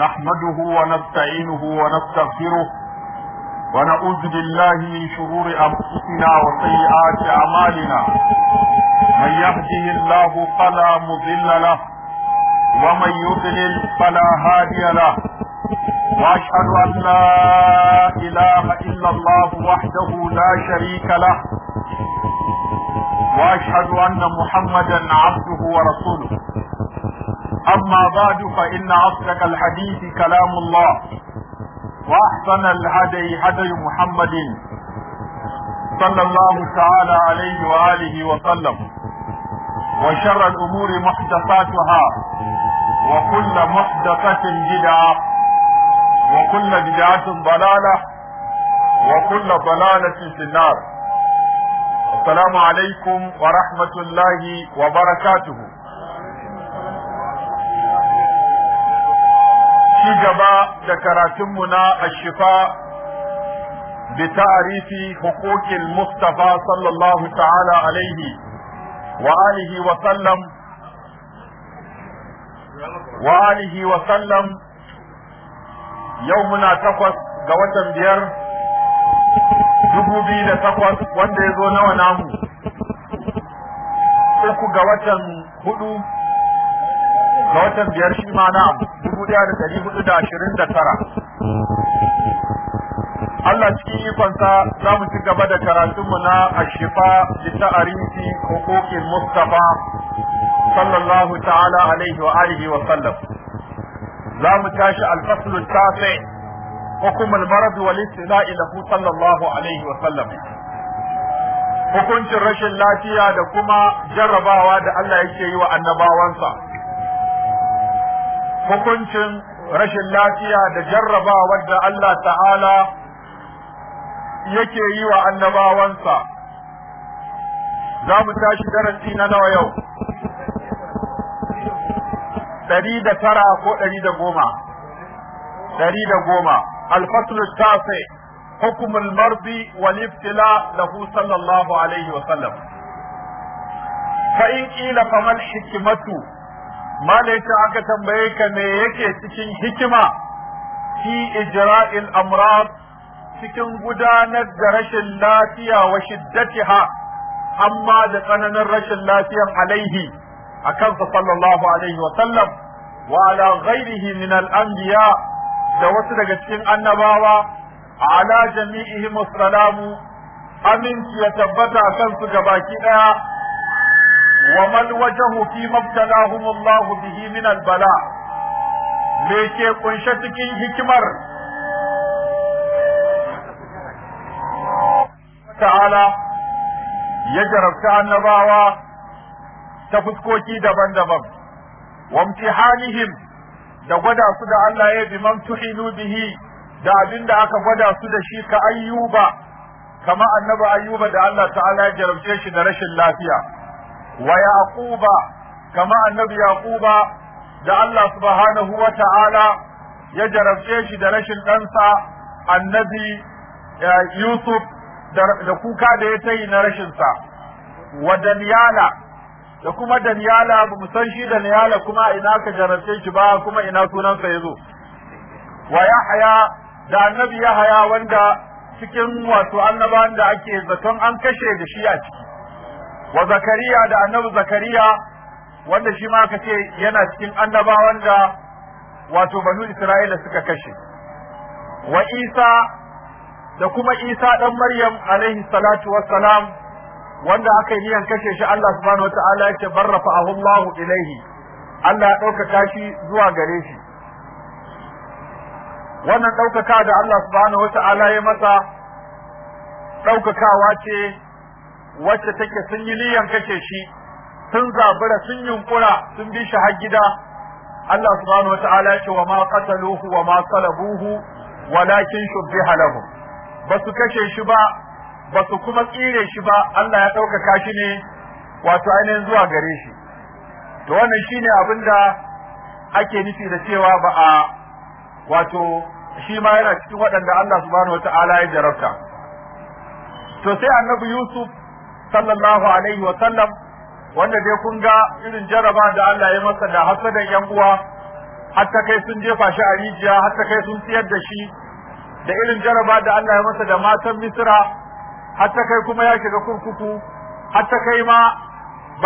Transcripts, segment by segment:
نحمده ونستعينه ونستغفره ونعوذ بالله من شرور انفسنا وسيئات اعمالنا من يهده الله فلا مضل له ومن يضلل فلا هادي له واشهد ان لا اله الا الله وحده لا شريك له واشهد ان محمدا عبده ورسوله أما بعد فإن أصدق الحديث كلام الله وأحسن الهدي هدي محمد صلى الله تعالى عليه وآله وسلم وشر الأمور محدثاتها وكل محدثة بدعة وكل بدعة ضلالة وكل ضلالة في النار السلام عليكم ورحمة الله وبركاته ci gaba da karatunmu na ashifa bi ta'arifi hukukin mustafa sallallahu ta'ala alaihi wa alihi wa sallam wa alihi wa sallam yau muna takwas ga watan biyar dubu biyu da takwas wanda ya zo nawa namu uku ga watan hudu ga watan biyar shi ma na dubu ɗaya da dari hudu da ashirin da tara Allah cikin ikonsa za mu ci gaba da karatunmu na ashifa da ta'arifi hukukin Mustapha sallallahu ta'ala alaihi wa alihi wa sallam za mu tashi alfaslu tafi hukum almarad wal istina'i lahu sallallahu alaihi wa sallam hukuncin rashin lafiya da kuma jarrabawa da Allah yake yi wa annabawansa hukuncin rashin lafiya da jarraba da Allah ta'ala yake yi wa annabawansa za mu tashi darasi na nawa yau ɗari da tara ko ɗari da goma ɗari da goma alfaslu tafi حكم المرض Sallallahu alaihi wa sallam. عليه وسلم فإن قيل فما الحكمة malaita aka tambaye ka me yake cikin hikima fi ijra'il amrad cikin gudanar da rashin lafiya wa shiddatiha amma da tsananin rashin lafiyan alaihi akan sa sallallahu alaihi wa sallam wa ala ghairihi min al-anbiya da wasu daga cikin annabawa ala jami'ihim assalamu aminci ya tabbata akan su gabaki daya وما الوجه فيما ابتلاهم الله bihi من البلاء me ke kunshe cikin hikimar ta'ala ya jarabta annabawa ta fuskoki daban-daban wamtihanihim da gwada su da Allah ya bi mamtuhinu bihi da abin da aka gwada su da shi ka ayyuba kama annabi ayyuba da Allah ta'ala ya jarabce shi da rashin lafiya wa yaquba kama annabi yaquba da Allah subhanahu wa ta'ala ya jarabce shi da rashin ɗansa annabi eh, Yusuf da kuka da ya tayi na rashinsa wa Daniyala da kuma Daniyala ba mu san shi Daniyala kuma ina ka jarabce shi ba kuma ina sunansa ya zo wa Yahaya da annabi Yahaya wanda cikin wato annaban da ake zaton an kashe da shi a ciki wa zakariya da annabi zakariya wanda shi ma aka ce yana cikin annabawan da wato banu isra'ila suka kashe wa isa da kuma isa dan maryam alaihi salatu wassalam wanda aka yi kashe shi Allah subhanahu wataala ya ce barrafa'ahu ilaihi Allah ya ɗaukaka shi zuwa gare shi wannan ɗaukaka da Allah subhanahu wataala ya masa ɗaukakawa ce wacce take sun yi niyan kashe shi sun zabura sun yunkura sun bi shi har gida Allah subhanahu wataala ce wa ma qataluhu wa ma salabuhu walakin shubbiha lahum basu kashe shi ba basu kuma tsire shi ba Allah ya dauka shi ne wato ainihin zuwa gare shi to wannan shine abin da ake nufi da cewa ba a wato shi ma yana cikin waɗanda Allah subhanahu wataala ya jarabta to sai annabi Yusuf sallallahu alaihi wa sallam wanda dai kun ga irin jaraba da Allah ya masa da hasadan yan uwa hatta kai sun jefa shi a rijiya hatta kai sun tsiyar da shi da irin jaraba da Allah ya masa da matan Misra hatta kai kuma ya shiga kurkuku hatta kai ma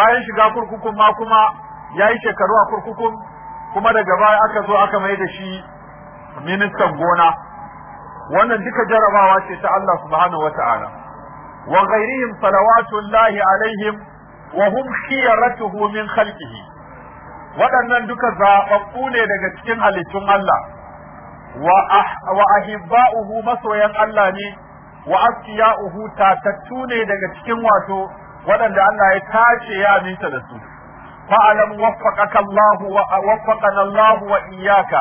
bayan shiga kurkukun ma kuma ya yi shekaru a kurkukun kuma daga baya aka zo aka mai da shi ministan gona wannan duka jarabawa ce ta Allah subhanahu wa ta'ala وغيرهم صلوات الله عليهم وهم خيرته من خلقه waɗannan duka zaɓaɓɓu ne daga cikin halittun Allah wa ahibba'uhu masoyan Allah ne wa askiya'uhu tatattu ne daga cikin wato waɗanda Allah ya tace ya aminta da su fa'alam waffaqaka Allah wa iyaka. Allah wa iyyaka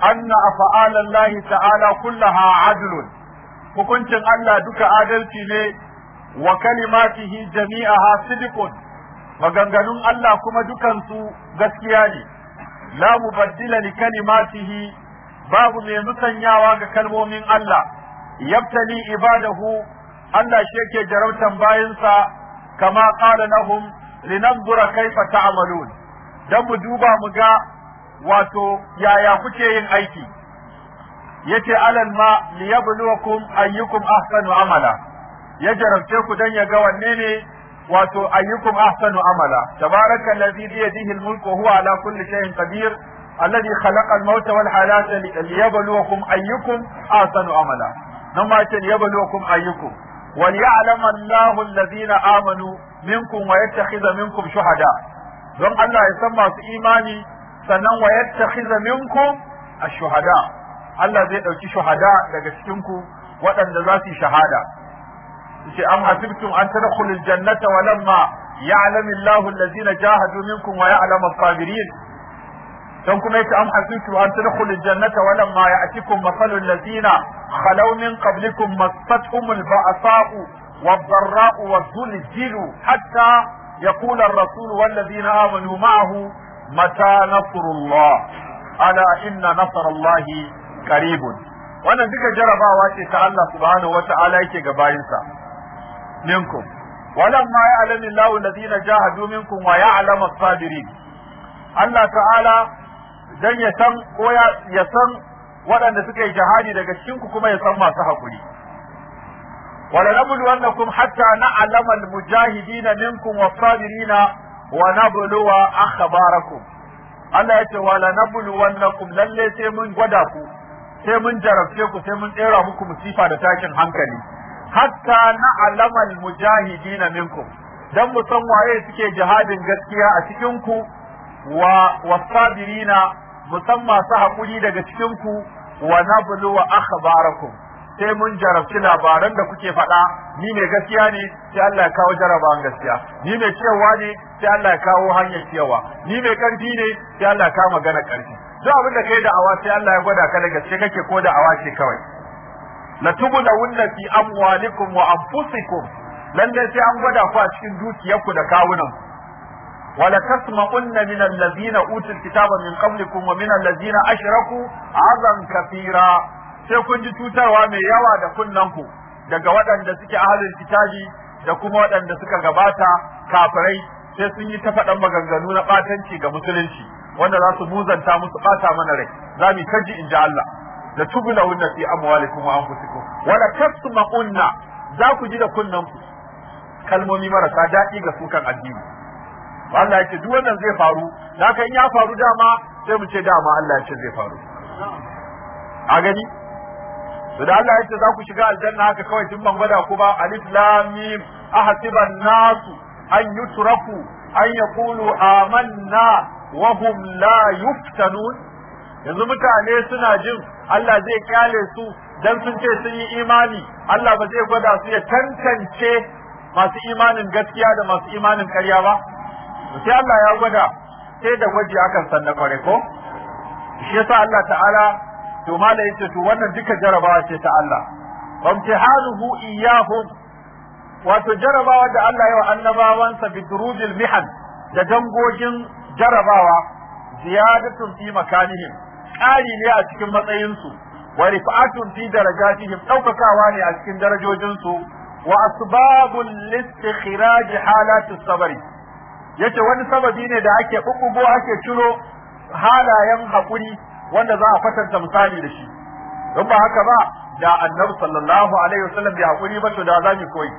anna Allah ta'ala kullaha adlun hukuncin Allah duka adalci ne wa kalimatihi jami'aha sidiqun maganganun Allah kuma dukansu gaskiya ne la mubaddila li kalimatihi babu mai musanyawa ga kalmomin Allah yabtali ibadahu Allah shi yake jarautan bayansa kama qala lahum linanzura kaifa ta'malun dan mu duba mu ga wato yaya kuke yin aiki yace alal ma liyabluwakum ayyukum ahsanu amala ya jarabce ku dan ya ga wanne ne wato ayyukum ahsanu amala tabaraka allazi bi yadihi almulku wa huwa ala kulli shay'in qadir alladhi khalaqa al-mauta wal hayata liyabluwakum ayyukum ahsanu amala nan ma ce liyabluwakum ayyukum وليعلم الله الذين آمنوا منكم ويتخذ منكم شهداء don Allah ya san masu imani sannan wa yattakhiza minkum ash-shuhada Allah zai dauki shuhada daga cikin ku waɗanda za su yi shahada ce am hasibtum an tadkhulul jannata wa lamma ya'lamu Allahu allazina jahadu minkum wa ya'lamu as-sabirin dan kuma yace am hasibtum an tadkhulul jannata wa lamma ya'tikum masalul ladzina khalaw min qablikum massatuhumul ba'sa'u wad-dharra'u waz-zulzilu hatta yaqula ar-rasul wal-ladzina amanu ma'ahu mata nasrullah ala inna nasrallahi qaribun wannan duka jarabawa ce ta Allah subhanahu wata'ala yake ga bayinsa minkum walamma ya'lamu Allahu alladhina jahadu minkum wa ya'lamu as-sabirin Allah ta'ala dan ya san ko ya san waɗanda suka yi jihadi daga cikin kuma ya san masu hakuri wala nablu annakum hatta na'lama al-mujahidina minkum was-sabirina wa nabluwa akhbarakum Allah ya ce wala nablu wannakum lalle sai mun gwada ku sai mun jarabce ku sai mun tsera muku musifa da takin hankali hatta na mujahidi mujahidina minkum dan mu san waye suke jihadin gaskiya a cikin ku wa wasabirina musamman masu hakuri daga cikin ku wa nablu wa akhbarakum sai mun jarabci labaran da kuke faɗa ni ne gaskiya ne sai Allah ya kawo jarabawan gaskiya ni ne cewa ne sai Allah ya kawo hanyar cewa ni ne karfi ne sai Allah ya kawo magana karfi duk abin da kai da awa sai Allah ya gwada ka da gaske kake ko da awa ce kawai latubulawunna fi amwalikum wa anfusikum lallai sai an gwada ku a cikin dukiyarku da kawunan wala unna min allazina utul kitaba min qablikum wa min allazina ashraku azan kafira sai kun ji tutarwa mai yawa da ku daga waɗanda suke ahalin kitabi da kuma waɗanda suka gabata kafirai sai sun yi ta faɗan maganganu na ɓatanci ga musulunci wanda za su muzanta musu ɓata mana rai za mu kaji in ji Allah Da la tublawunna fi amwalikum wa anfusikum wa la za ku ji da kunnan ku kalmomi marasa daɗi ga su kan addini Allah ya duk wannan zai faru da kai in ya faru dama sai mu ce dama Allah ya ce zai faru a gani to Allah ya za ku shiga aljanna haka kawai tun ban gwada ku ba alif lam mim ahasiban nasu an yutraku an yaqulu amanna wa hum la yuftanun yanzu mutane suna jin Allah zai kyale su dan sun ce sun yi imani Allah ba zai gwada su ya tantance masu imanin gaskiya da masu imanin karya ba sai Allah ya gwada sai da gwaji akan san na kware ko shi yasa Allah ta'ala to mala yace to wannan duka jarabawa ce ta Allah wamtihanuhu iyyahum wato jarabawa da Allah ya wa annabawansa bidrujil mihan da dangogin jarabawa ziyadatun fi makanihim ƙari ne a cikin matsayinsu wa rifa'atun fi darajatihim ɗaukakawa ne a cikin darajojinsu wa asbabul listikhraj halatu sabari yace wani sababi ne da ake bubbugo ake ciro halayen hakuri wanda za a kwatanta misali da shi don ba haka ba da annabi sallallahu alaihi wasallam bai hakuri ba to da za mu koyi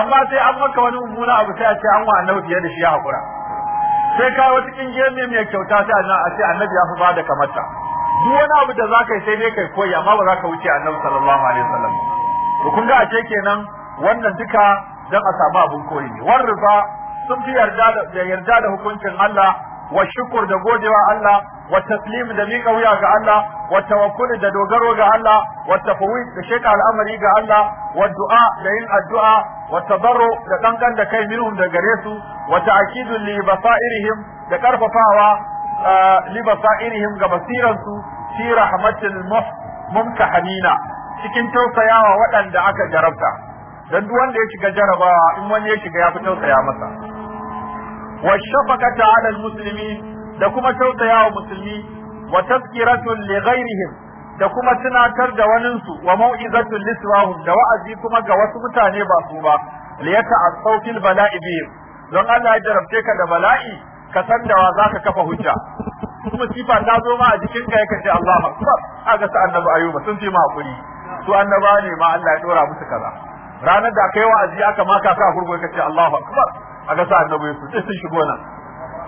amma sai an maka wani mummuna abu sai a ce an wa annabi fiye da shi ya hakura sai ka wata kingiyar ne mai kyauta sai annabi a ce annabi ya fi bada kamata duk wani abu da zaka yi sai dai kai koyi amma ba za ka wuce annabi sallallahu alaihi wasallam to kun ga a ce kenan wannan duka dan a samu abun koyi ne war riba sun fi yarda da yarda da hukuncin Allah wa shukur da godewa Allah wa taslim da miƙa wuya ga Allah wata tawakkul da dogaro ga Allah wata tafwid da sheka al'amari ga Allah wa du'a da yin addu'a wata tabarru da kankan da kai minhum da gare su wa ta'kidul li basairihim da karfafawa li basairihim ga basiransu fi rahmatil mumtahanina cikin tausayawa waɗanda aka jarabta don duk wanda ya shiga jarabawa in wani ya shiga ya fi tausaya masa wa shafaqata 'ala al-muslimin da kuma wa musulmi wa tazkiratun li ghairihim da kuma tunatar da waninsu wa mau'izatun liswahum da wa'azi kuma ga wasu mutane ba su ba liyata a fil bala'i bi don Allah ya jarabce ka da bala'i ka san da wa zaka kafa hujja musifa ta zo ma a jikin ka yake ce Allah akbar aga sa annabi ayuba sun ce ma hakuri su annaba ne ma Allah ya dora musu kaza ranar da kai wa'azi aka maka ka hurgo kace Allahu akbar aga sa annabi yusuf sai sun shigo nan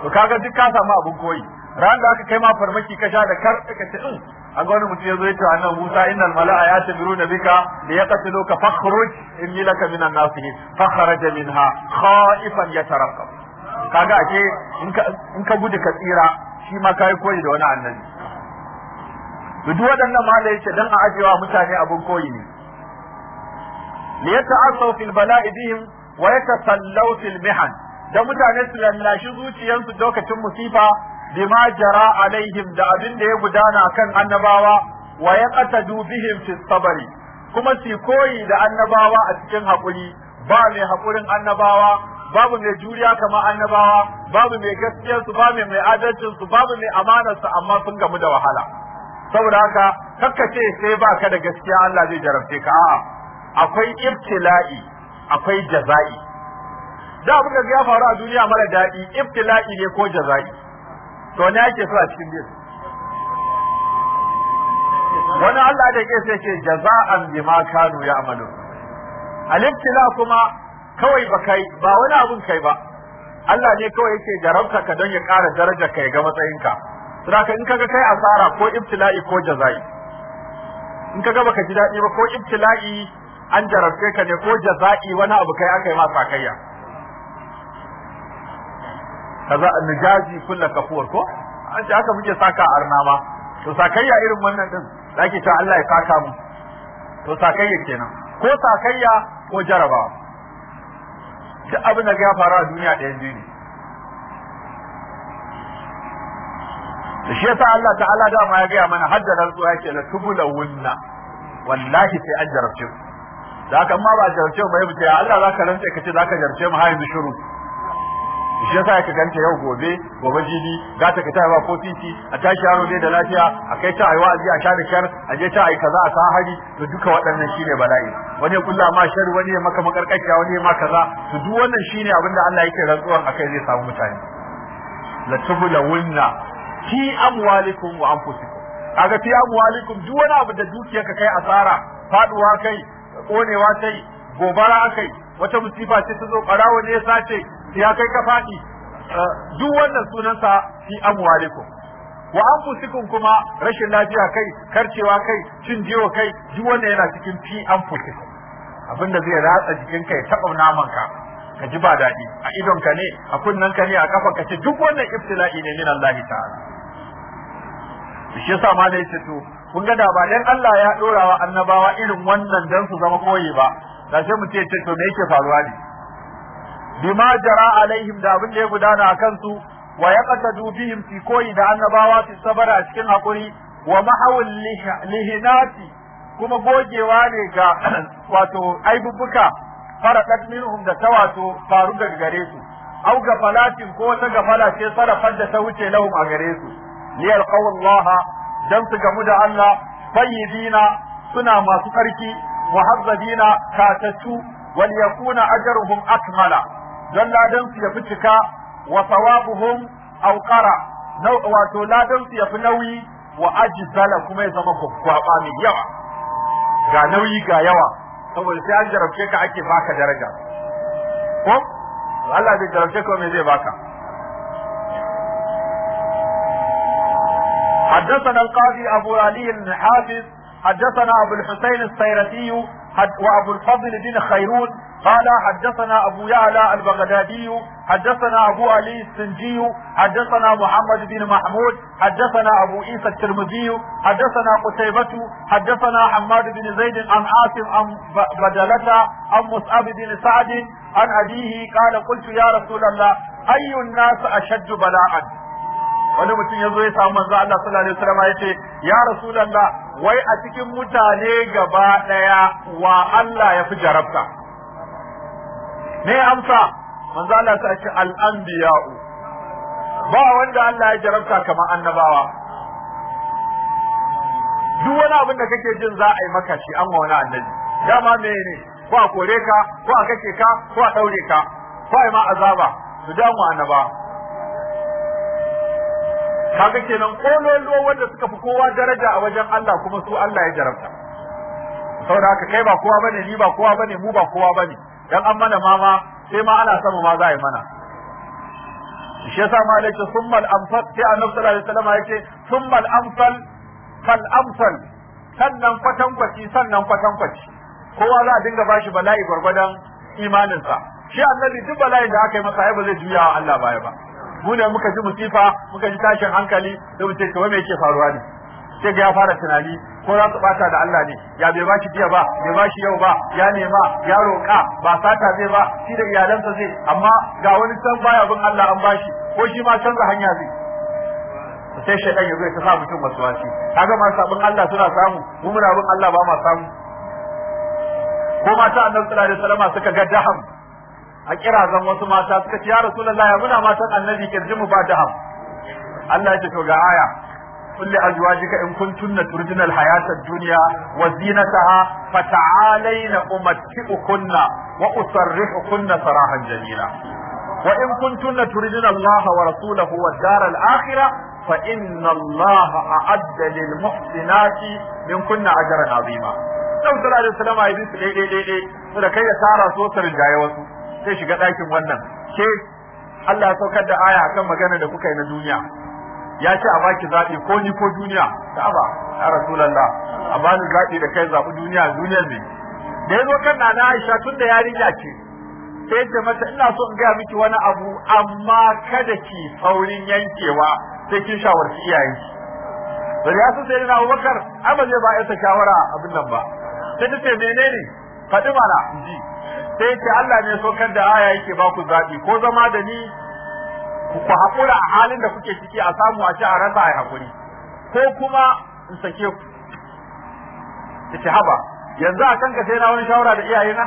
to kaga duk ka samu abin koyi ran da aka kai ma farmaki ka sha da kar ka ce in hmm, an ga wani mutum ya zo ya ce annabi Musa innal mala'a ya tabiruna bika li yaqtuluka fakhruj inni laka minan nasihin fakharaja minha khaifan yatarqab kaga ake in ka gudu ka tsira shi ma kai koyi da wani annabi to duk waɗannan malai yace dan a ajewa mutane abin koyi ne li yata'assaw fil bala'i bihim wa yatasallaw fil mihan da mutane su lallashi zuciyarsu lokacin musifa bima jara alaihim da abin da ya gudana kan annabawa wa yaqtadu bihim fi sabri kuma su koyi da annabawa a cikin hakuri ba mai hakurin annabawa babu mai juriya kamar annabawa babu mai gaskiyarsu, su babu mai adalcin su babu mai amanarsu amma sun gamu da wahala saboda haka ce sai ba ka da gaskiya Allah zai jarabce ka a'a akwai ibtila'i akwai jaza'i da abin da ya faru a duniya mara daɗi ibtila'i ne ko jaza'i to ne yake so a cikin biyu wani Allah da ke sai ce jaza'an ma kanu ya'malu al-ibtila kuma kawai ba kai ba wani abun kai ba Allah ne kawai yake jarabta ka don ya ƙara darajar ka ya ga matsayinka saboda in kaga kai asara ko ibtila'i ko jaza'i in kaga baka ji daɗi ba ko ibtila'i an jarabce ka ne ko jaza'i wani abu kai aka yi ma sakayya kaza najazi kulla kafuwar ko an ce haka muke saka arna ma to sakayya irin wannan din zaki ta Allah ya saka mu to sakayya kenan ko sakayya ko jaraba duk abin da ya faru a duniya ɗayan biyu ne da shi yasa Allah ta'ala dama ya gaya mana hadda rantsuwa yake la tubula wunna wallahi sai an jarabce ku da haka ma ba jarabce mu bai mu Ya Allah zaka rantsa kace zaka jarabce mu har yanzu shiru shi yasa ka ganta yau gobe gobe jibi za ta fita ba ko titi a tashi yaro dai da lafiya a kai ta aiwa wa'azi a sha da kyar a je ta ayi kaza a sa hari to duka waɗannan shine bala'i wani ya kulla ma shar wani ya maka makarkashiya wani ya ma kaza to duk wannan shine abin da Allah yake rantsuwan akai zai samu mutane la Wunna fi amwalikum wa anfusikum kaga fi amwalikum duk wani abu da dukiyarka kai asara faduwa kai konewa kai gobara kai wata musifa ce ta zo barawo ne ya sace ya kai ka faɗi eh, duk wannan sunansa fi amwalikum wa anfusikum kuma rashin lafiya kai karcewa kai cin jiwo kai duk wannan yana cikin fi anfusikum abinda zai ratsa jikin kai taɓa naman ka ka ji ba daɗi a idonka ka ne a kunnen ka ne a kafa ka ce duk wannan iftila'i ne min Allah ta'ala shi yasa ma da ce to kun ga da ba dan Allah ya dora wa annabawa irin wannan dan su zama koyi ba da sai mu ce to me yake faruwa ne bima jara alaihim da abin da ya gudana a kansu wa yaqtadu bihim fi koyi da annabawa fi sabara a cikin hakuri wa mahawul lihinati kuma gogewa ne ga wato aibubbuka faradat minhum da ta wato faru daga gare su au ga falatin ko ta ga falace sarafar da ta wuce lahum a gare su liyal qawallaha dan su gamu da Allah tayyibina suna masu tsarki muhazzabina katattu wal yakuna ajruhum akmala don ladan su ya fi cika wa sawabuhum aw wato ladan su ya fi nauyi wa ajzala kuma ya zama gwaggwaba mai yawa ga nauyi ga yawa saboda sai an jarabce ka ake baka daraja ko Allah zai jarabce ka me zai baka حدثنا القاضي أبو علي بن حافظ حدثنا أبو الحسين السيرتي وأبو الفضل بن خيرون قال حدثنا أبو يعلى البغدادي حدثنا أبو علي السنجي حدثنا محمد بن محمود حدثنا أبو عيسى الترمذي حدثنا قتيبة حدثنا حماد بن زيد عن عاصم عن بدلة عن مصعب بن سعد عن أبيه قال قلت يا رسول الله أي الناس أشد بلاء wani mutum ya zo ya samu manzo Allah sallallahu alaihi wasallam ya ce ya rasulullah wai a cikin mutane gaba daya wa Allah ya fi jarabta me amsa manzo Allah ta ce al anbiya'u ba wanda Allah ya jarabta kamar annabawa duk wani abin da kake jin za a yi maka shi an wani annabi dama me ne ko a kore ka ko a kake ka ko a daure ka ko a ma azaba su damu annaba kaga kenan kololuwa wanda suka fi kowa daraja a wajen Allah kuma su Allah ya jarabta saboda haka kai ba kowa bane ni ba kowa bane mu ba kowa bane dan an mana mama sai ma ana sama ma za a yi mana shi yasa ma yake summal amsal sai annabi sallallahu alaihi wasallam yake summal amsal fal amsal sannan kwatankwaci sannan kwatankwaci kowa za a dinga bashi bala'i gwargwadon imaninsa shi annabi duk bala'in da aka yi masa ba zai juya wa Allah baya ba mu ne muka ji musifa muka ji tashin hankali da mu ce to me yake faruwa ne sai ga ya fara tunani ko za su bata da Allah ne ya bai bashi jiya ba bai bashi yau ba ya nema ya roƙa ba sata zai ba shi da iyalansa zai amma ga wani san baya bin Allah an bashi ko shi ma canza hanya zai sai shaidan ya zai ta sa mutum wasuwaci kaga ma sabon Allah suna samu mu muna bin Allah ba ma samu ko mata annabi sallallahu alaihi wasallam suka ga daham a kira zan wasu mata suka ci. ya rasu lallaya muna matan annabi kirji mu ba Allah ya ce to ga aya kulli azwajika in kuntum turjuna alhayata ad-dunya wa zinataha fa ta'alayna umatti'ukunna wa usarrihukunna sarahan jamila wa in kuntum turjuna Allah wa rasulahu wa ad-dar al-akhirah fa inna Allah a'adda lil muhsinati min kunna ajran 'azima sallallahu alaihi wasallam ayyuhu sallallahu alaihi wasallam da kai ya tara so ka wasu zai shiga ɗakin wannan ke Allah ya saukar da aya akan magana da kuka yi na duniya ya ce a baki zaɓi ko ni ko duniya ta ba a rasulallah a bani zaɓi da kai zaɓi duniya duniyar ne da ya zo kan na Aisha tun da yarinya ce sai ta mata ina so in gaya miki wani abu amma kada ki saurin yankewa sai kin shawarci iyayenki Bari ya su sai na Abubakar ai ba zai ba ya shawara abin nan ba sai ta ce menene faɗi mana ji sai ce Allah ne kan da aya yake ba ku zaɓi ko zama da ni ku haƙura a halin da kuke ciki a samu a ci a rasa a haƙuri ko kuma in sake ku ta haba yanzu a kanka sai na wani shawara da iyaye na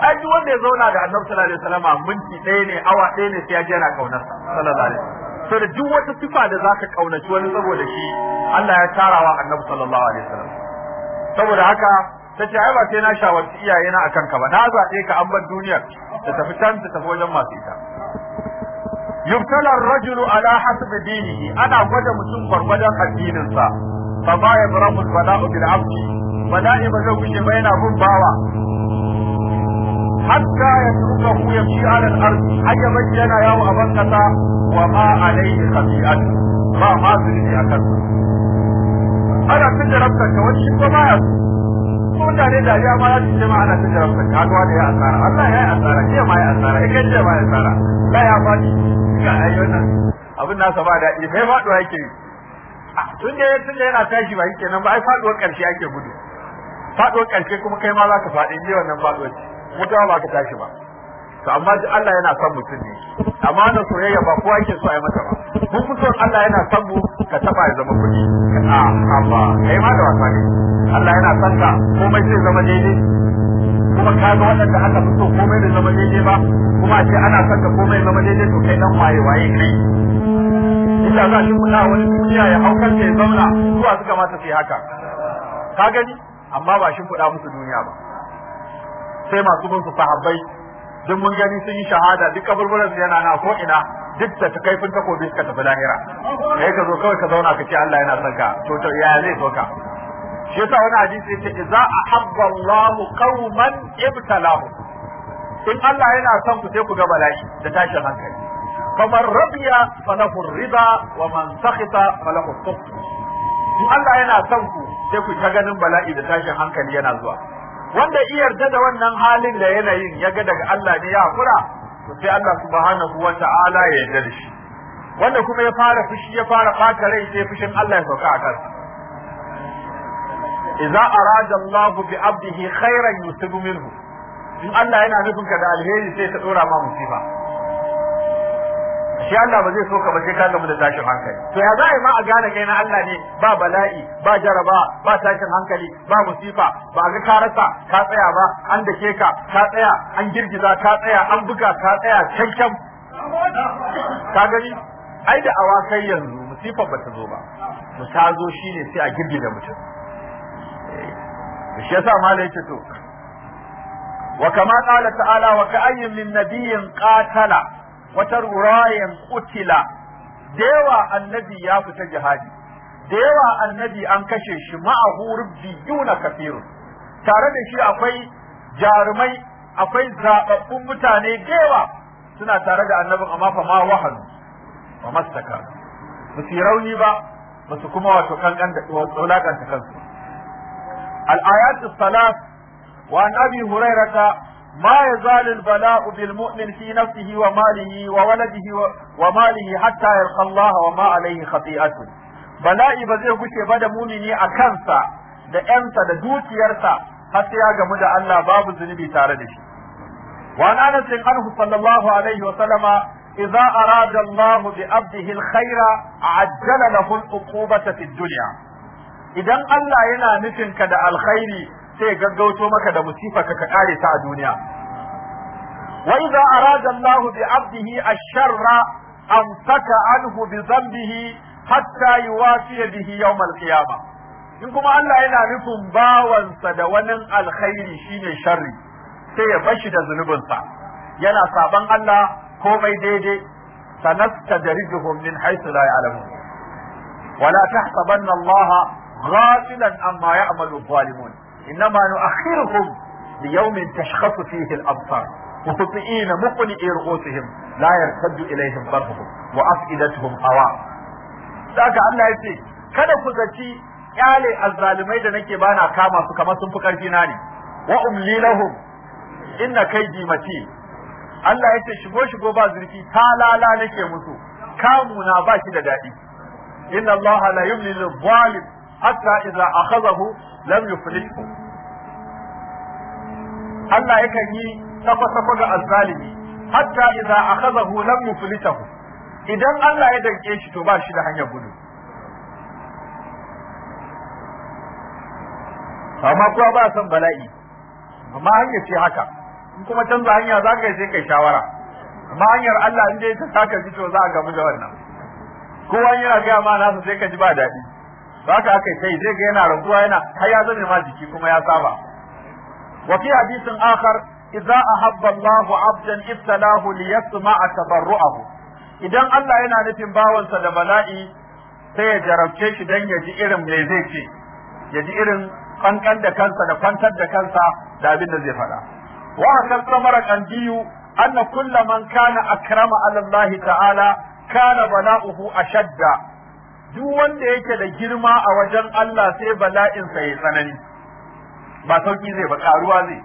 ai duk wanda ya zauna da annabi sallallahu alaihi wasallam minti ɗaya ne awa ɗaya ne sai ya jira kaunar sallallahu alaihi wasallam to da duk wata sifa da zaka kaunaci wani saboda shi Allah ya tarawa annabi sallallahu alaihi wasallam saboda haka ta ce ai ba sai na shawarci iyayena akan ka ba na zaɓe ka an bar duniyar ta tafi can ta tafi wajen masu ita yubtala a rajulu ala hasbi dinihi ana gwada mutum gwargwadon addininsa fa ma yabrahu al-bala'u bil 'abdi bala'i ba zai gushe ba yana bin bawa hatta yatrukahu yamshi ala al-ard ya bayyana yawo a bankasa wa ma alayhi khabi'at ba ma a akan ana tunda rabta wani shi ba kuma da ya ma za su ce ma ana ta jarabta kaduwa da ya asara Allah ya yi asara ke ma ya asara ya kai ma ya asara la ya faɗi ga ayyuna abin nasa ba daɗi sai faɗuwa yake yi ah, tun da tun da yana tashi ba yake nan ba ai faɗuwar ƙarshe ake gudu faɗuwar ƙarshe kuma kai ma za ka faɗi ne wannan faɗuwar mutuwa ba ka tashi ba to amma Allah yana son mutum ne amma na soyayya ba kowa yake so a yi mata ba mun fi Allah yana son mu ka taba ya zama kuɗi a amma ah, kai ma da wasa ne Allah yana son ka komai zai zama daidai kuma ka ga waɗanda aka fi so komai da zama daidai ba kuma a ce ana son ka komai zama daidai to kai dan waye waye kai inda za shi muna wani duniya ya haukar ya zauna zuwa suka mata sai haka ka gani amma ba shi kuɗa musu duniya ba sai masu bin su sahabbai duk mun gani sun yi shahada duk kaburburan yana na ko ina duk da kaifin takobi suka tafi lahira kai ka zo kawai ka zauna ka ce Allah yana son ka to to ya zai so ka shi yasa wani hadisi yace idza ahabba Allah qauman ibtalahu in Allah yana son ku sai ku ga bala'i da tashin hankali kamar rabiya falahu riba wa man sakhita falahu sukhf in Allah yana son ku sai ku ta ganin bala'i da tashin hankali yana zuwa wanda iya da wannan halin da yanayin ya ga daga Allah ne ya hakura sai Allah subhanahu wa ta'ala ya yarda shi wanda kuma ya fara fushi ya fara ɓata rai sai fushin Allah ya sauka a kansa idza arada Allah bi abdihi khairan yusibu minhu in Allah yana nufin ka da alheri sai ta dora ma musiba shi Allah ba zai so ka ba sai ka gamu da tashin hankali to ya za a yi ma a gane kai na Allah ne ba bala'i ba jaraba ba tashin hankali ba musifa ba ga ka rasa ka tsaya ba an dake ka ka tsaya an girgiza ka tsaya an buga ka tsaya cancan ka gani ai da awakai yanzu musifa ba ta zo ba mu ta zo shine sai a girgiza mutum eh, shi yasa malai ce to وكما قال تعالى وكأي من نبي قاتل wata rurayen kutila da yawa annabi ya fita jihadi da yawa annabi an kashe shi ma'ahu rubbiyuna kafiru tare da shi akwai jarumai akwai zababbun mutane da yawa suna tare da annabin amma fa ma wahan ba mastaka ba su rauni ba ba su kuma wato kankan da wulakanta kansu al-ayatu salat wa annabi hurairata ما يزال البلاء بالمؤمن في نفسه وماله وولده وماله حتى يلقى الله وما عليه خطيئته bala'i ba zai gushe ba da mumini a kansa da ‘yansa da dukiyarsa har sai ya gamu da Allah babu zunubi tare da shi. Wa anas bin anhu sallallahu alaihi wa sallama idza arada Allah bi abdihi al-khaira ajjala lahu al-uqubata fi dunya idan Allah yana nufin ka da alkhairi sai gaggauto maka da musifa ka ka kare ta a duniya wa idza arada Allahu bi 'abdihi ash-sharra amsaka anhu bi dhanbihi hatta yuwafiya bihi yawm al-qiyamah in kuma Allah yana nufin bawansa da wani alkhairi shine sharri sai ya bashi da zunubinsa yana saban Allah komai daidai sanastadrijuhum min haythu la ya'lamun wala tahsabanna Allah ghafilan amma ya'malu adh إنما نؤخرهم ليوم تشخص فيه الأبصار مخطئين مقنئي رؤوسهم لا يرتد إليهم ضربهم وأفئدتهم هواء ذاك الله يتي kada ku zaci kyale azzalumai da nake na kama su kamar sun fi ƙarfi na ne wa umli lahum inna kai jimati. Allah yace shigo shigo ba zurfi talala nake musu kamu na ba shi da dadi inna Allah la yumli lil zalim hatta idza akhadahu lam yuflihhu Allah yakan yi tafa-tafa ga azzalimi hatta idza akhadahu lam yuflihhu idan Allah ya danke shi to ba shi da hanyar gudu amma kowa ba son bala'i amma hanya ce haka kuma canza hanya za ka yi sai kai shawara amma hanyar Allah in dai ta saka ji to za a gamu da wannan kowa yana gaya ma nasa sai ka ji ba daɗi haka aka sai zai ga yana raguwa yana har ya zama ma jiki kuma ya saba wa fi hadisin akhar idza ahabba Allahu 'abdan ibtalahu tabarru tabarru'ahu idan Allah yana nufin bawansa da bala'i sai ya jarabce shi dan ya ji irin me zai ce ya ji irin kankan da kansa da kwantar da kansa da abin da zai faɗa wa hakan samara kandiyu anna kullu man kana akrama ala Allah ta'ala kana bala'uhu ashadda duk wanda yake da girma a wajen Allah sai bala'insa ya tsanani ba sauki zai ba karuwa zai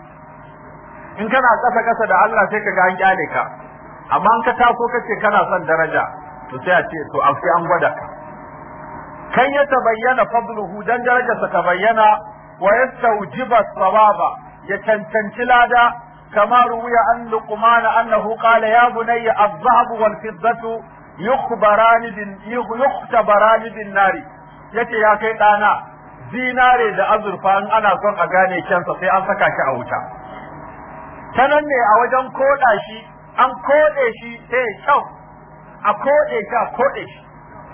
in kana kasa kasa da Allah sai ka ga an kyale ka amma in ka taso kace kana son daraja to sai a ce to an sai an gwada ka kan ya tabayyana fadluhu dan daraja ta bayyana wa yastawjiba sawaba ya cancanci lada Kamar ruwiya an luqman annahu qala ya bunayya adh-dhahabu wal fiddatu yukhbarani bin yukhtabarani bin nari yace ya kai dana zinare da azurfa in ana son a gane kyansa sai an saka shi a wuta tanan ne a wajen koda shi an kode shi sai eh, ya kyau a kode shi a kode shi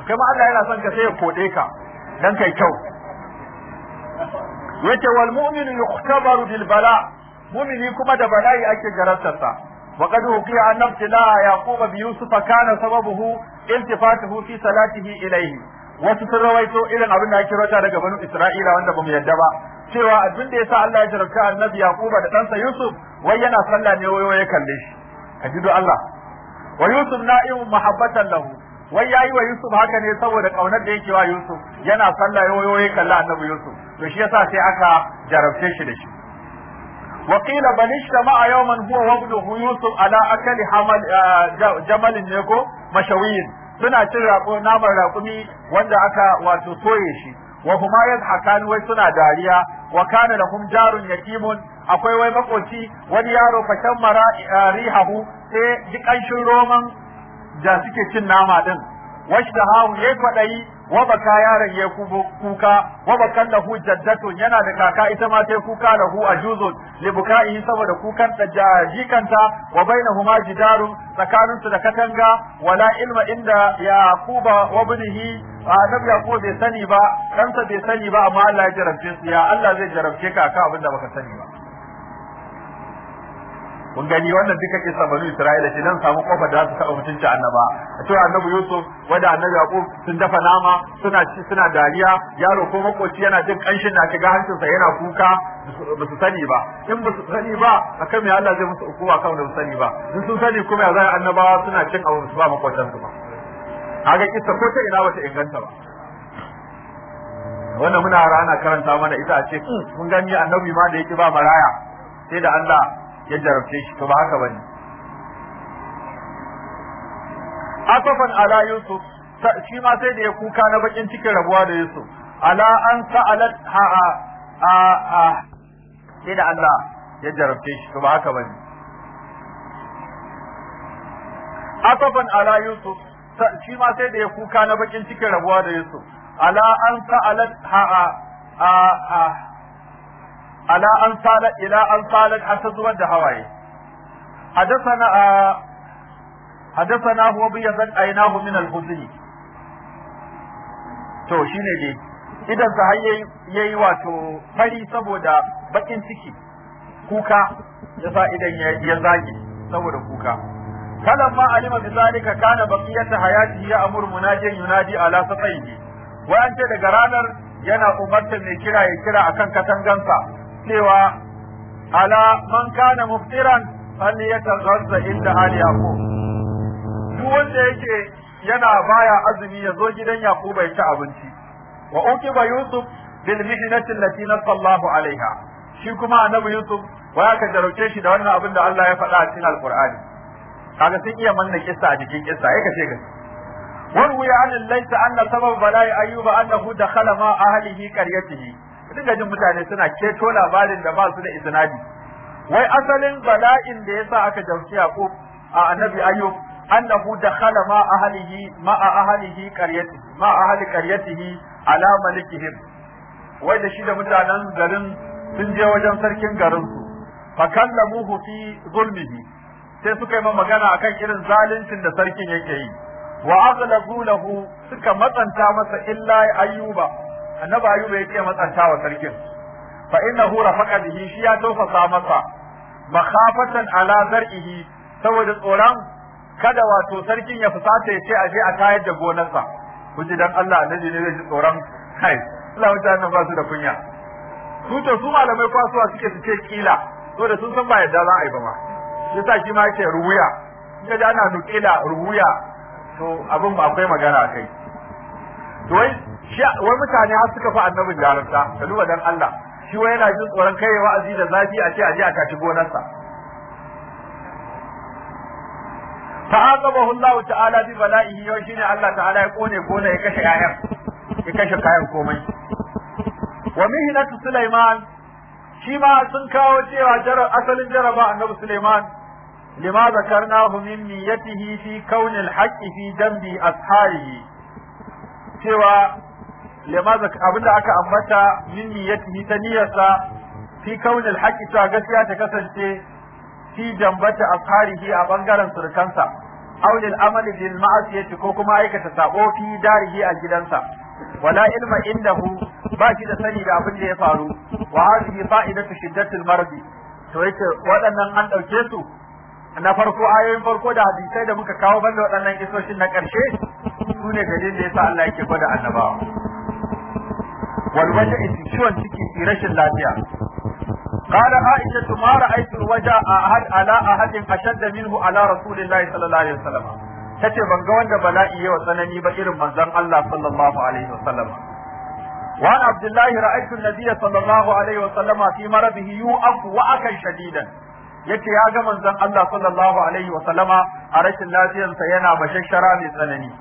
kai Allah yana son ka sai ya kode ka dan kai kyau yace wal mu'minu yukhtabaru bil bala mu'mini kuma da bala'i ake jarabtarsa وقد وقي عن نفس لا يعقوب بيوسف كان سببه التفاته في صلاته إليه wasu sun rawaito irin abin da ake rawaita daga banu Isra'ila wanda bamu yadda ba cewa abin da yasa Allah ya jarabta Annabi Yaquba da ɗansa Yusuf wai yana sallah ne wai ya kalle shi ka ji Allah wa Yusuf na'im muhabbatan lahu wai yayi wa Yusuf haka ne saboda kaunar da yake wa Yusuf yana sallah wai ya kalla Annabi Yusuf to shi yasa sai aka jarabce shi da shi وقيل بل اجتمع يوما هو وابنه يوسف على اكل حمل جمل نيكو مشوين suna cin naman raƙumi wanda aka wato soye shi wa huma yadhakan suna dariya wa kana lahum jarun yatimun akwai wai makoci wani yaro fashan mara rihahu E, ji kanshin roman da suke cin nama ɗin. din washtahahu yayi kwadayi wa baka yaron ya kuka wa da lahu jaddatun yana da kaka ita ma sai kuka lahu ajuzun li iyi saboda kukan ta jikanta wa bainahuma jidarun tsakanin su da katanga wala ilma inda kuba wa nabi ya yaqub bai sani ba kansa bai sani ba amma Allah ya jarabce su ya Allah zai jarabce kaka ka abinda baka sani ba kun gani wannan duka kisa banu Isra'ila ce dan samu kofar da su taɓa mutunci annaba a cewa annabi Yusuf wanda annabi Yaqub sun dafa nama suna ci suna dariya yaro ko makoci yana jin kanshin na kaga hancinsa yana kuka ba su sani ba in ba su sani ba akan me Allah zai musu hukuma kan da su sani ba in sun sani kuma ya zai annabawa suna cin abu su ba makotansu ba kaga kisa ko ta ina bata inganta ba wannan muna rana karanta mana ita a ce hmm, mun gani annabi ma da yake ba maraya sai da Allah ya jarabce shi to ba haka bane asafan ala yusuf shi ma sai da ya kuka na bakin cikin rabuwa da yusuf ala an sa'alat ha a a sai da Allah ya jarabce shi to ba haka bane asafan ala yusuf shi ma sai da ya kuka na bakin cikin rabuwa da yusuf ala an sa'alat ha a a ala an salat ila an salat har ta zubar da hawaye hadathana hadathana huwa bi yazan aynahu min al-huzn to shine dai idan sa har yayi wato fari saboda bakin ciki kuka sa idan ya zage saboda kuka kalamma alima bi zalika kana baqiyatu hayatihi ya amuru munajin yunadi ala satayhi wa anta daga ranar yana umarta mai kira ya kira akan katangansa cewa ala man kana muftiran falli ya tagazza inda ali yaqub duk wanda yake yana baya azumi ya zo gidan yaqub ya ci abinci wa ba yusuf bil mihnati allati nasallahu alaiha shi kuma annabi yusuf waya ka jarauce shi da wannan abin da Allah ya faɗa a cikin alqur'ani kaga sun iya manna kissa a jikin kissa yake ce ka وروي عن الليث أن سبب بلاء أيوب أنه دخل مع أهله قريته dinga jin mutane suna keto labarin da ba su da isnadi wai asalin bala'in da yasa aka a ko a annabi ayyub annahu dakhala ma ahlihi ma ahlihi qaryati ma ahli qaryatihi ala malikihim wai da shi da mutanen garin sun je wajen sarkin garin su fa kallamuhu fi zulmihi sai suka yi magana akan irin zaluncin da sarkin yake yi wa aghlabu lahu suka matsanta masa illa ayyuba annabi ayuba ya ce matsanta wa sarkin fa innahu rafaqa bihi shi ya tausasa masa makhafatan ala zar'ihi saboda tsoron kada wato sarkin ya fusata ya ce aje a tayar da gonarsa kuji dan Allah annabi ne zai ji tsoron kai Allah mutanen ba su da kunya su to su malamai kwasuwa suke su ce kila saboda sun san ba yadda za a yi ba ma yasa shi ma yake ruwuya da ana nukila ruwuya to abin ba akwai magana kai to wai shi wai mutane har suka fi annabin jarumta ka duba dan Allah shi wai yana jin tsoron kai wa'azi da zafi a ce a je a tashi gonarsa fa'aqabahu Allah ta'ala bi bala'ihi yau shine Allah ta'ala ya kone gona ya kashe yayan ya kashe kayan komai wa mihnatu Sulaiman shi ma sun kawo cewa asalin jaraba annabi Sulaiman lima zakarnahu min niyyatihi fi kaunil haqqi fi dambi asharihi cewa lima abin abinda aka ambata min niyyatihi ta fi kauni alhaqi ta gaskiya ta kasance fi jambata asharihi a bangaren surkansa aw lil amali bil ma'asiyati ko kuma aikata sabo fi darihi a gidansa wala ilma indahu ba shi da sani da abin da ya faru wa hadhihi fa'idatu shiddatil mardi to yace waɗannan an ɗauke su na farko ayoyin farko da hadisai da muka kawo banda waɗannan isoshin na ƙarshe su ne dalilin da yasa Allah yake gwada annabawa والوجع ciwon ciki rashin lafiya قال عائشة ما رأيت الوجع أحد على أحد أشد منه على رسول الله صلى الله عليه وسلم ban ga wanda bala'i yawa tsanani ba irin manzon Allah sallallahu alaihi wasallam wa an abdullahi ra'aytu an-nabiy sallallahu alaihi wasallam fi maradihi yu'afu akan yace ya ga manzon Allah sallallahu alaihi sallama a rashin lafiyarsa yana bashashara mai tsanani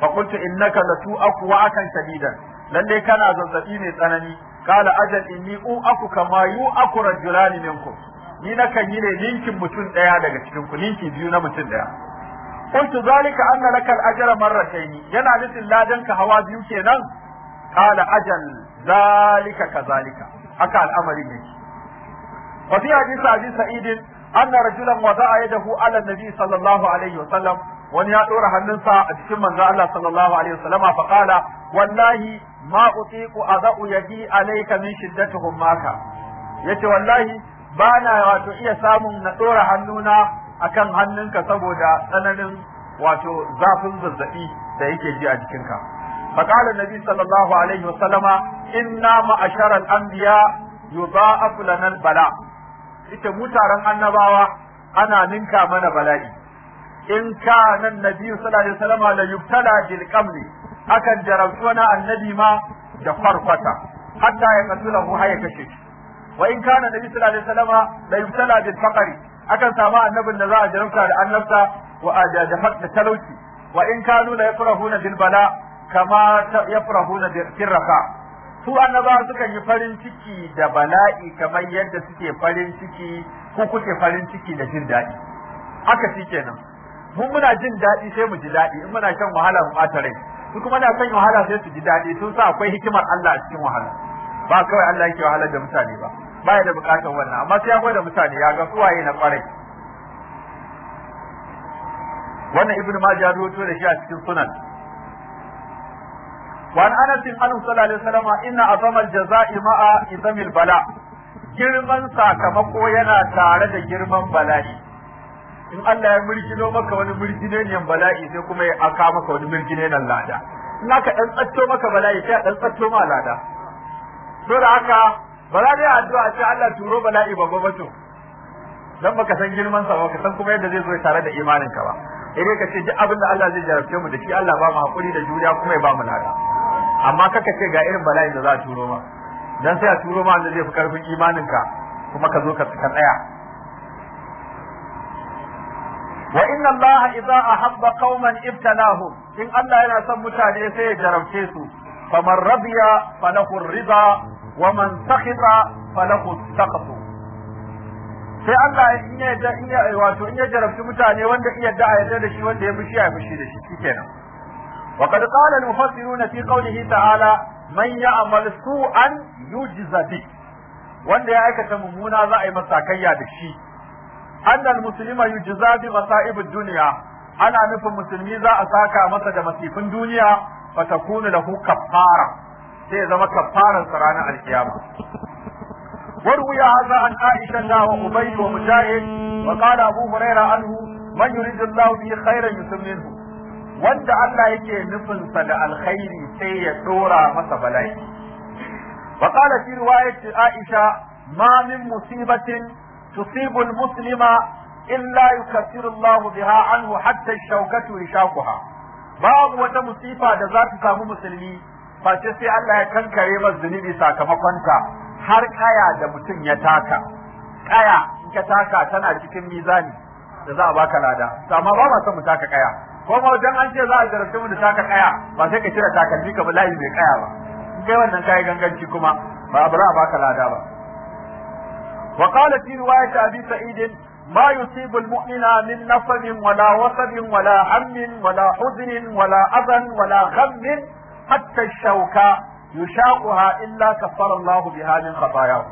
fa qultu innaka latu aku akan shadidan lalle kana zazzabi mai tsanani kala ajal inni u aku kama yu aku rajulani minkum ni kan yi ne ninkin mutum daya daga cikin ku biyu na mutum daya qultu zalika anna laka al-ajra marratayn yana nufin ladan ka hawa biyu kenan kala ajal zalika kazalika haka al'amarin yake wa fi hadisi abi sa'id anna rajulan wada'a yadahu ala nabi sallallahu alaihi sallam wani ya dora hannunsa a cikin manzo Allah sallallahu alaihi wasallam fa qala wallahi ma utiqu adau yadi alayka min shiddatuhum maka yace wallahi bana wato iya samun na dora hannuna akan hannunka saboda tsananin wato zafin zazzabi da yake ji a jikinka فقال النبي صلى الله عليه وسلم إنا معشر الأنبياء يضاعف لنا البلاء ita mutaren annabawa ana ninka mana bala'i in ka nan nabi sallallahu alaihi wasallam la yubtala bil qamli akan jarabci wani annabi ma da farfata hatta ya katula hu ya kashe wa in kana nabi sallallahu alaihi wasallama la yubtala bil faqri akan samu annabin da za a jarabta da annabta wa da talauci wa in kanu la yafrahuna bil bala kama yafrahuna bil raka su annaba sukan yi farin ciki da bala'i kamar yadda suke farin ciki ko kuke farin ciki da jin daɗi haka shi kenan mun muna jin daɗi sai mu ji daɗi in muna shan wahala mu ɓata rai su kuma na son wahala sai su ji daɗi sun sa akwai hikimar Allah a cikin wahala ba kawai Allah yake wahalar da mutane ba ba ya da bukatar wannan amma sai ya gwada mutane ya ga waye na kwarai wannan ibnu majah rawaito da shi a cikin sunan an انس عنه صلى sallallahu alaihi وسلم inna azama الجزاء ma'a izamil Bala. girman sakamako yana tare da girman bala'i in Allah ya murkino maka wani murkineniyan bala'i sai kuma ya aka maka wani murkineniyan lada in aka dan tsatto maka bala'i sai dan tsatto ma lada to da haka bala dai addu'a sai Allah turo bala'i babba ba to dan baka san girman sa baka san kuma yadda zai zo tare da imanin ka ba idan ka ce duk abin da Allah zai jarabce mu da shi Allah ba mu hakuri da juriya kuma ya ba mu lada amma kaka ce ga irin bala'in da za a turo ma dan sai a turo ma wanda zai fi karfin imanin ka kuma ka zo ka tsaya wa inna Allah idza ahabba qauman ibtalahum in Allah yana son mutane sai ya jarabce su faman radiya falahu rida wa man sakhita falahu sai Allah in ya da in ya wato in ya jarabci mutane wanda iya da yarda da shi wanda ya bishi ya bishi da shi shikenan wa qad qala al-mufassiruna fi qawlihi ta'ala man ya'mal su'an yujza bih wanda ya aikata mummuna za a yi masa kayya da shi annal muslima yujza masa ibin duniya. ana nufin musulmi za a saka masa da masifin duniya fa takunu lahu kaffara sai zama kaffaran sa ranar alkiyama وروي هذا عن عائشة وأبي ومجاهد وقال أبو هريرة عنه من يريد الله به خيرا يسمنه wanda Allah yake nufinsa da alkhairi sai ya dora masa bala'i. Wa qala fi riwayati Aisha ma min musibatin tusibu muslima illa yukaffiru biha anhu hatta shaukatu babu wata musifa da zata ta samu musulmi face sai Allah ya kankare masa zunubi sakamakonta har kaya da mutum ya taka kaya in taka tana cikin mizani da za a baka lada amma ba ma taka kaya ko wajen an ce za a jarabta mu da taka kaya ba sai ka takalmi ka bala'i bai kaya ba in kai wannan ganganci kuma ba za a baka lada ba وقال في رواية أبي سعيد ما يصيب المؤمن من نصب ولا وصب ولا هم ولا حزن ولا أذى ولا غم حتى الشوكة يشاقها إلا كفر الله بها من خطاياه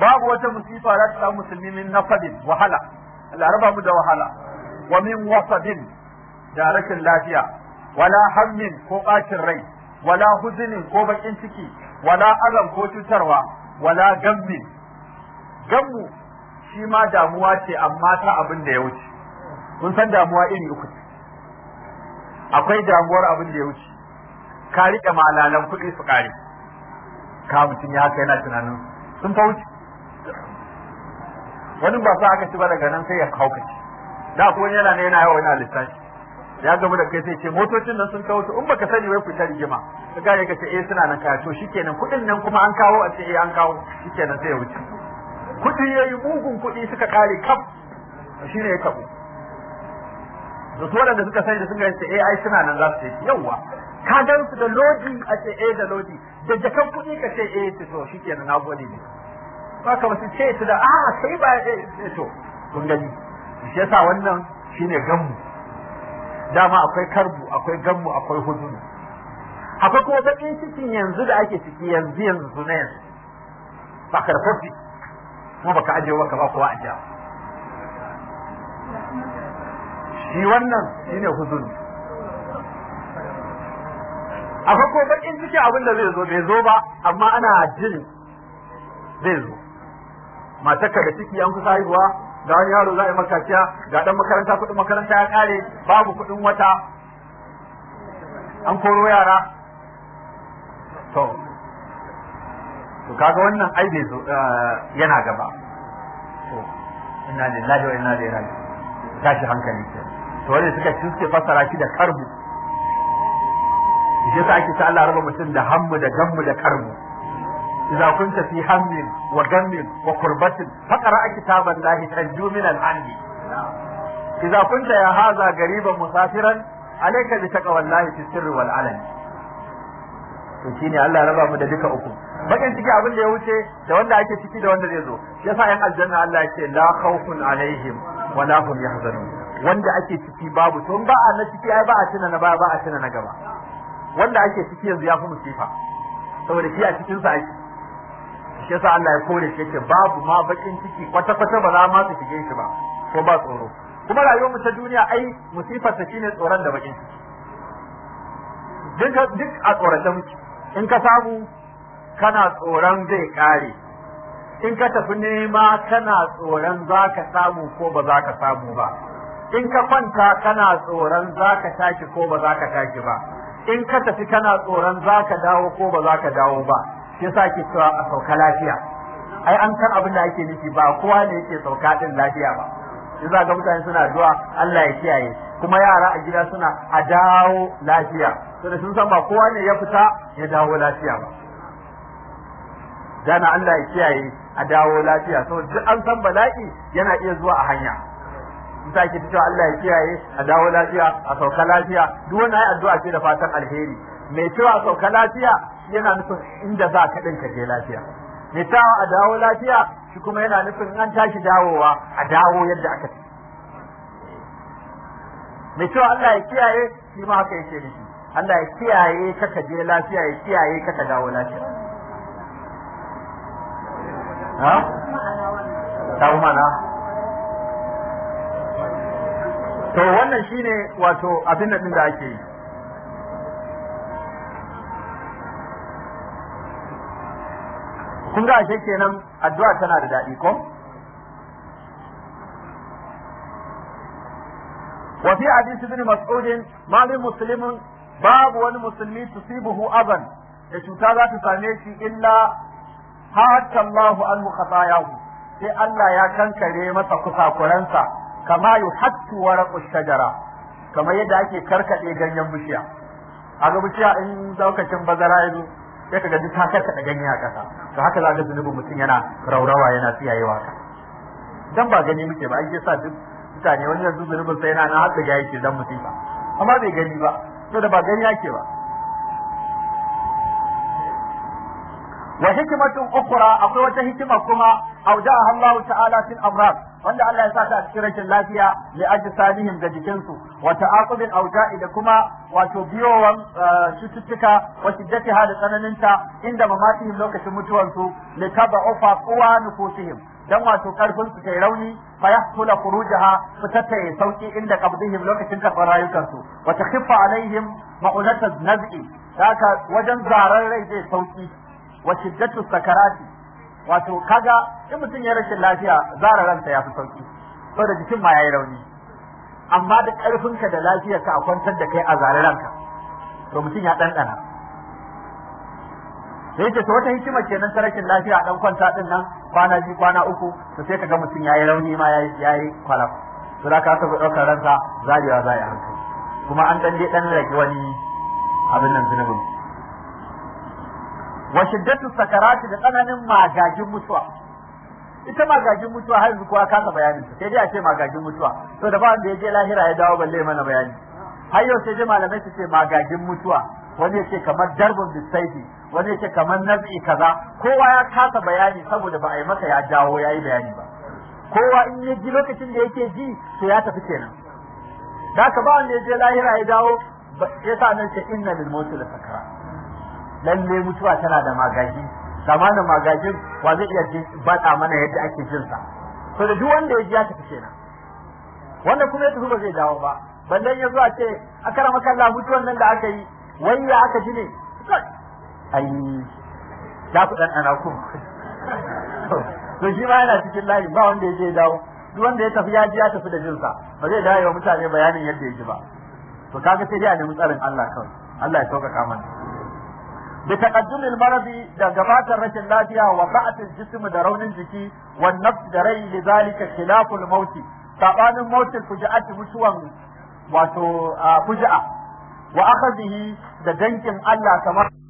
باب وتمسيطة لا مسلمين من نصب وهلا العرب مدى وهلا ومن وصب دارك اللافية ولا هم فوقات الري ولا حزن فوق انتكي ولا أذى فوق تروى ولا غم ganmu shi ma damuwa ce amma ta abin da ya wuce kun san damuwa iri uku ce akwai damuwar abin da ya wuce ka riƙe malalan kuɗi su ƙare ka mutum ya haka yana tunanin sun fa wuce wani ba sa aka ci ba daga nan sai ya ci da ko yana ne yana yawa yana lissafi ya gaba da kai sai ce motocin nan sun kawo in baka sani wai ku ta rigima ka gane ka ce eh suna nan ka to shikenan kuɗin nan kuma an kawo a ce eh an kawo shikenan sai ya wuce kuɗi yayi mugun kuɗi suka kare kaf ne ya kabu da su waɗanda suka sai da suka yi eh ai suna nan za su yi yawa ka gan su da lodi a ce eh da lodi da jakan kuɗi ka ce eh to to shikenan na gode ne ba ka wasu ce su da a ah, sai ba eh to kun gani shi yasa wannan shi ne gammu dama akwai karbu akwai ganmu akwai hudunu akwai kuma bakin cikin yanzu da ake ciki yanzu yanzu na yanzu ba karfafi ko baka ajiye ba ka ba kowa ajiya shi wannan shine huzun. akwai farko bakin ciki abin da zai zo bai zo ba amma ana jin zai zo Matakar da ciki an kusa haihuwa da wani yaro za a yi makaciya ga dan makaranta kuɗin makaranta ya kare babu kuɗin wata an koro yara to to kaga wannan ai bai eh, yana gaba to inna lillahi wa inna ilaihi raji'un tashi hankali ke to wanda suka ci suke fassara shi da karbu shi yasa ake ta Allah raba mutum da hammu da gammu da karbu idza kunta fi hammin wa gammin wa kurbatin faqra kitaban lahi tanju min al-hammi idza kunta ya hadha gariban musafiran alayka bi taqwallahi fi sirri wal alani to shine Allah raba mu da duka uku bakin ciki abin da ya wuce da wanda ake ciki da wanda zai zo yasa yan aljanna Allah ya ce la khawfun alaihim wa la hum yahzanun wanda ake ciki babu to ba a na ciki ai ba a tuna na ba ba a tuna na gaba wanda ake ciki yanzu ya fi musifa saboda shi a cikin sa ake shi yasa Allah ya kore shi yake babu ma bakin ciki kwata kwata ba za ma su shige shi ba ko ba tsoro kuma rayuwar mu ta duniya ai musifar ta shine tsoron da bakin ciki duk a tsoron da muke in ka samu kana tsoron zai kare in ka tafi nema kana tsoron za ka samu ko ba za ka samu ba in ka kwanta kana tsoron za ka tashi ko ba za ka tashi ba in ka tafi kana tsoron za ka dawo ko ba za ka dawo ba shi sa ke cewa a sauka lafiya ai an san abin da ake nufi ba kowa ne yake sauka din lafiya ba shi za ga mutane suna zuwa Allah ya kiyaye kuma yara a gida suna a dawo lafiya saboda sun san ba kowa ne ya fita ya dawo lafiya ba dana Allah ya kiyaye a dawo lafiya saboda duk an san bala'i yana iya zuwa a hanya in ta ke cewa Allah ya kiyaye a dawo lafiya a sauka lafiya duk wani addu'a ce da fatan alheri mai cewa sauka lafiya yana nufin inda za ka ɗin ka lafiya mai ta a dawo lafiya shi kuma yana nufin an tashi dawowa a dawo yadda aka ci mai cewa Allah ya kiyaye shi ma haka yake da shi Allah ya kiyaye ka ka je lafiya ya kiyaye ka ka dawo lafiya ha ta mana to wannan shine wato abin nan da ake yi kun ga ashe kenan addu'a tana da daɗi ko وفي حديث ابن مسعود ما من مسلم باب والمسلمي تصيبه أذى يشوتا ذات ساميشي إلا حتى الله عنه خطاياه sai Allah ya kankare masa kusakuransa kama كما hattu ورق shajara kamar yadda ake karkade ganyen bishiya a ga bishiya in daukacin bazara ya zo sai ka ga duk ta ganye a kasa to haka za ga zunubin mutum yana raurawa yana siyayewa dan ba gani muke ba an sa duk mutane wani yanzu zunubin sai yana nan har da yake dan musifa. amma bai gani ba to da ba gani yake ba wa hikmatun ukhra akwai wata hikima kuma awdaha Allah ta'ala fil amrad wanda Allah ya sa a cikin rashin lafiya li ajsadihim ga jikinsu wa ta'aqubin awda'i da kuma wato biyowan eh, cututtuka wa shiddatiha da tsananinta inda mamatihim lokacin mutuwarsu li taba'ufa quwa nufusihim dan wato karfin su kai rauni fa yahsula khurujaha fitata ya sauki inda qabdihim lokacin da rayukan su wa takhiffa alaihim ma'ulat naz'i haka wajen zarar rai zai sauki wa shiddatu sakarati wato kaga in mutum ya rashin lafiya zarar ransa ya fi sauki saboda jikin ma yayi rauni amma da ka da lafiyarka a kwantar da kai a zarar ranka to mutum ya dandana sai ce to wata hikimar kenan ta rashin lafiya dan kwanta din nan kwana biyu kwana uku to sai kaga mutum yayi rauni ma yayi yayi kwalaf to da ka ka ɗaukar ransa zariya zai hankali kuma an dan dai dan rage wani abin nan zunubin wa shiddatu sakarati da tsananin magagin mutuwa ita magagin mutuwa har yanzu kowa kasa bayanin sai dai a ce magagin mutuwa to da ba wanda ya je lahira ya dawo balle mana bayani har yau sai dai malamai su ce magagin mutuwa wani ce kamar darbun bisaifi wani yake kamar nazi kaza kowa ya kasa bayani saboda ba a yi masa ya jawo ya yi bayani ba kowa in ya ji lokacin da yake ji to ya tafi kenan da ka ba wanda ya je lahira ya dawo ya sa nan ce inna lil mauti la sakara lalle mutuwa tana da magaji zamanin magajin wa zai iya bada mana yadda ake jin sa to da duk wanda ya ji ya tafi kenan wanda kuma ya tafi ba zai dawo ba ballan ya zo a ce akara makalla mutuwan nan da aka yi wai ya aka ji ne ai za ku dan ana ku to shi ma yana cikin layin ba wanda ya je dawo duk wanda ya tafi ya ji ya tafi da jinsa ba zai dawo wa mutane bayanin yadda ya ji ba to kaga sai ya a nemi tsarin Allah kawai Allah ya sauƙaƙa mana da taqaddumil maradi da gabatar rashin lafiya wa ba'atil jism da raunin jiki wa nafs da rai lidhalika khilaful maut sabanin mautil fujaat mutuwan wato fuja'a wa akhadhihi da dankin Allah kamar